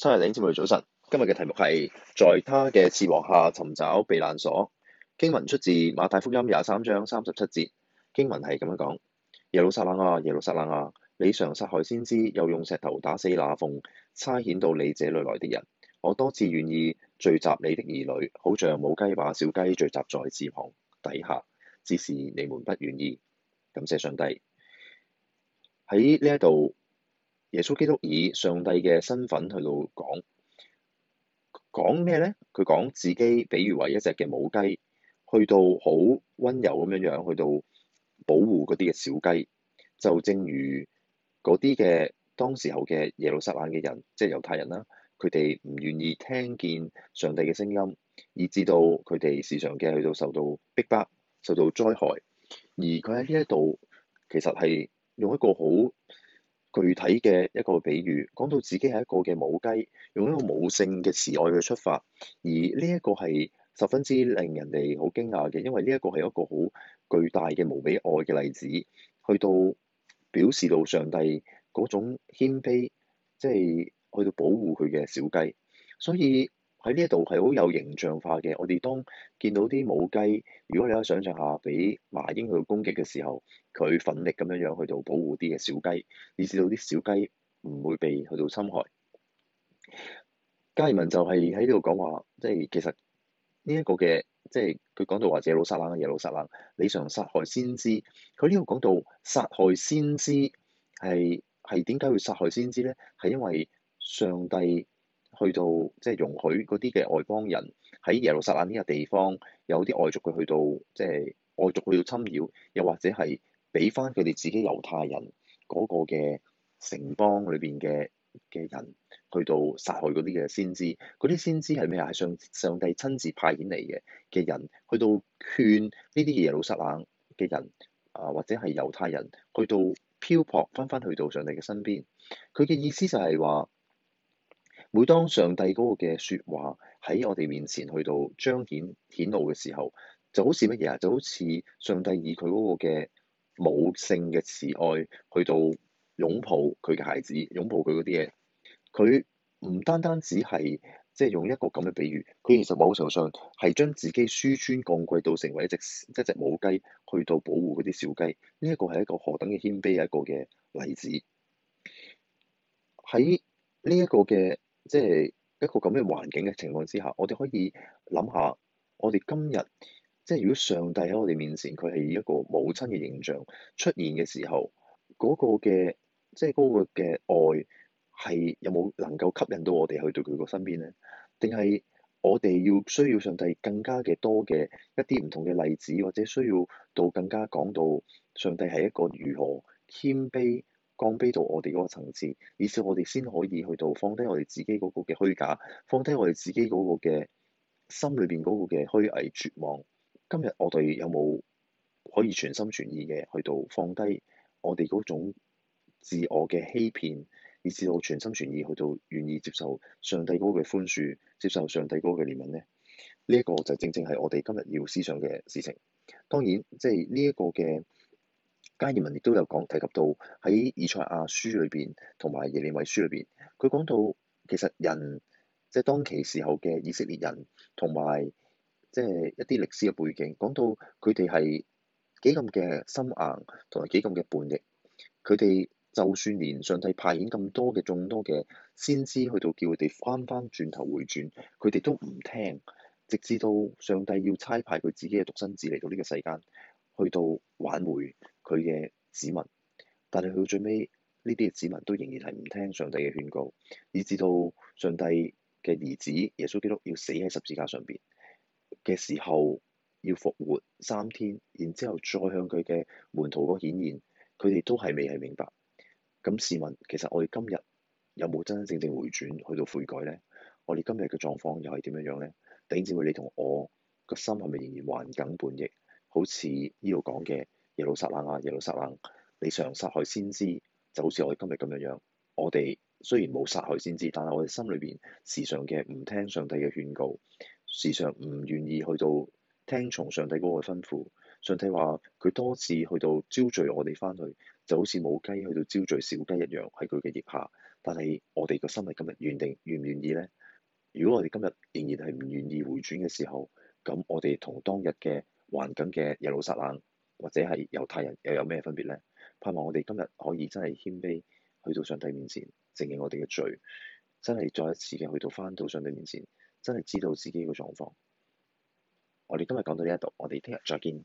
差人領袖早晨，今日嘅題目係在祂嘅翅膀下尋找避難所。經文出自馬太福音廿三章三十七節，經文係咁樣講：耶路撒冷啊，耶路撒冷啊，你常殺害先知，又用石頭打死那奉差遣到你這裡來的人。我多次願意聚集你的兒女，好像母雞把小雞聚集在翅膀底下，只是你們不願意。感謝上帝。喺呢一度。耶穌基督以上帝嘅身份去到講講咩咧？佢講自己，比喻為一隻嘅母雞，去到好温柔咁樣樣，去到保護嗰啲嘅小雞，就正如嗰啲嘅當時候嘅耶路撒冷嘅人，即係猶太人啦，佢哋唔願意聽見上帝嘅聲音，以至到佢哋時常嘅去到受到逼迫、迫、受到災害，而佢喺呢一度其實係用一個好。具體嘅一個比喻，講到自己係一個嘅母雞，用一個母性嘅慈愛去出發，而呢一個係十分之令人哋好驚訝嘅，因為呢一個係一個好巨大嘅無比愛嘅例子，去到表示到上帝嗰種謙卑，即係去到保護佢嘅小雞，所以。喺呢一度係好有形象化嘅。我哋當見到啲母雞，如果你喺想像下俾麻鷹去攻擊嘅時候，佢奮力咁樣樣去到保護啲嘅小雞，以致到啲小雞唔會被去到侵害。加爾文就係喺呢度講話，即係其實呢一個嘅，即係佢講到話耶路撒冷嘅嘢，耶路撒冷，你想殺害先知，佢呢度講到殺害先知係係點解會殺害先知咧？係因為上帝。去到即係、就是、容許嗰啲嘅外邦人喺耶路撒冷呢個地方有啲外族，佢去到即係、就是、外族去到侵擾，又或者係俾返佢哋自己猶太人嗰個嘅城邦裏邊嘅嘅人去到殺害嗰啲嘅先知，嗰啲先知係咩啊？係上上帝親自派遣嚟嘅嘅人，去到勸呢啲嘅耶路撒冷嘅人啊，或者係猶太人去到漂泊返返去到上帝嘅身邊，佢嘅意思就係話。每當上帝嗰個嘅説話喺我哋面前去到彰顯顯露嘅時候，就好似乜嘢啊？就好似上帝以佢嗰個嘅母性嘅慈愛去到擁抱佢嘅孩子，擁抱佢嗰啲嘢。佢唔單單只係即係用一個咁嘅比喻，佢其實某程度上係將自己紆尊降貴到成為一隻一隻母雞，去到保護嗰啲小雞。呢、這、一個係一個何等嘅謙卑啊！一個嘅例子喺呢一個嘅。即係一個咁嘅環境嘅情況之下，我哋可以諗下，我哋今日即係如果上帝喺我哋面前，佢係以一個母親嘅形象出現嘅時候，嗰個嘅即係嗰個嘅愛係有冇能夠吸引到我哋去到佢個身邊咧？定係我哋要需要上帝更加嘅多嘅一啲唔同嘅例子，或者需要到更加講到上帝係一個如何謙卑？降卑到我哋嗰個層次，以至我哋先可以去到放低我哋自己嗰個嘅虛假，放低我哋自己嗰個嘅心裏邊嗰個嘅虛偽絕望。今日我哋有冇可以全心全意嘅去到放低我哋嗰種自我嘅欺騙，以至到全心全意去到願意接受上帝嗰個嘅寬恕，接受上帝嗰個嘅憐憫呢？呢、這、一個就正正係我哋今日要思想嘅事情。當然，即係呢一個嘅。加爾文亦都有講提及到喺以賽亞書裏邊同埋耶利米書裏邊，佢講到其實人即係、就是、當其時，時候嘅以色列人同埋即係一啲歷史嘅背景，講到佢哋係幾咁嘅心硬同埋幾咁嘅叛逆，佢哋就算連上帝派遣咁多嘅眾多嘅先知去到叫佢哋翻翻轉頭回轉，佢哋都唔聽，直至到上帝要差派佢自己嘅獨生子嚟到呢個世間去到挽回。佢嘅子民，但係去到最尾，呢啲嘅子民都仍然係唔聽上帝嘅勸告，以至到上帝嘅兒子耶穌基督要死喺十字架上邊嘅時候，要復活三天，然之後再向佢嘅門徒嗰顯現，佢哋都係未係明白。咁試問，其實我哋今日有冇真真正正回轉去到悔改咧？我哋今日嘅狀況又係點樣樣咧？弟兄姊妹你同我個心係咪仍然還梗叛逆？好似呢度講嘅。耶路撒冷啊！耶路撒冷，你常殺害先知，就好似我哋今日咁樣樣。我哋雖然冇殺害先知，但係我哋心裏邊時常嘅唔聽上帝嘅勸告，時常唔願意去到聽從上帝嗰個吩咐。上帝話佢多次去到招聚我哋返去，就好似母雞去到招聚小雞一樣喺佢嘅腋下。但係我哋個心係今日願定願唔願意呢？如果我哋今日仍然係唔願意回轉嘅時候，咁我哋同當日嘅環境嘅耶路撒冷。或者係猶太人又有咩分別呢？盼望我哋今日可以真係謙卑去到上帝面前承認我哋嘅罪，真係再一次嘅去到返到上帝面前，真係知道自己嘅狀況。我哋今日講到呢一度，我哋聽日再見。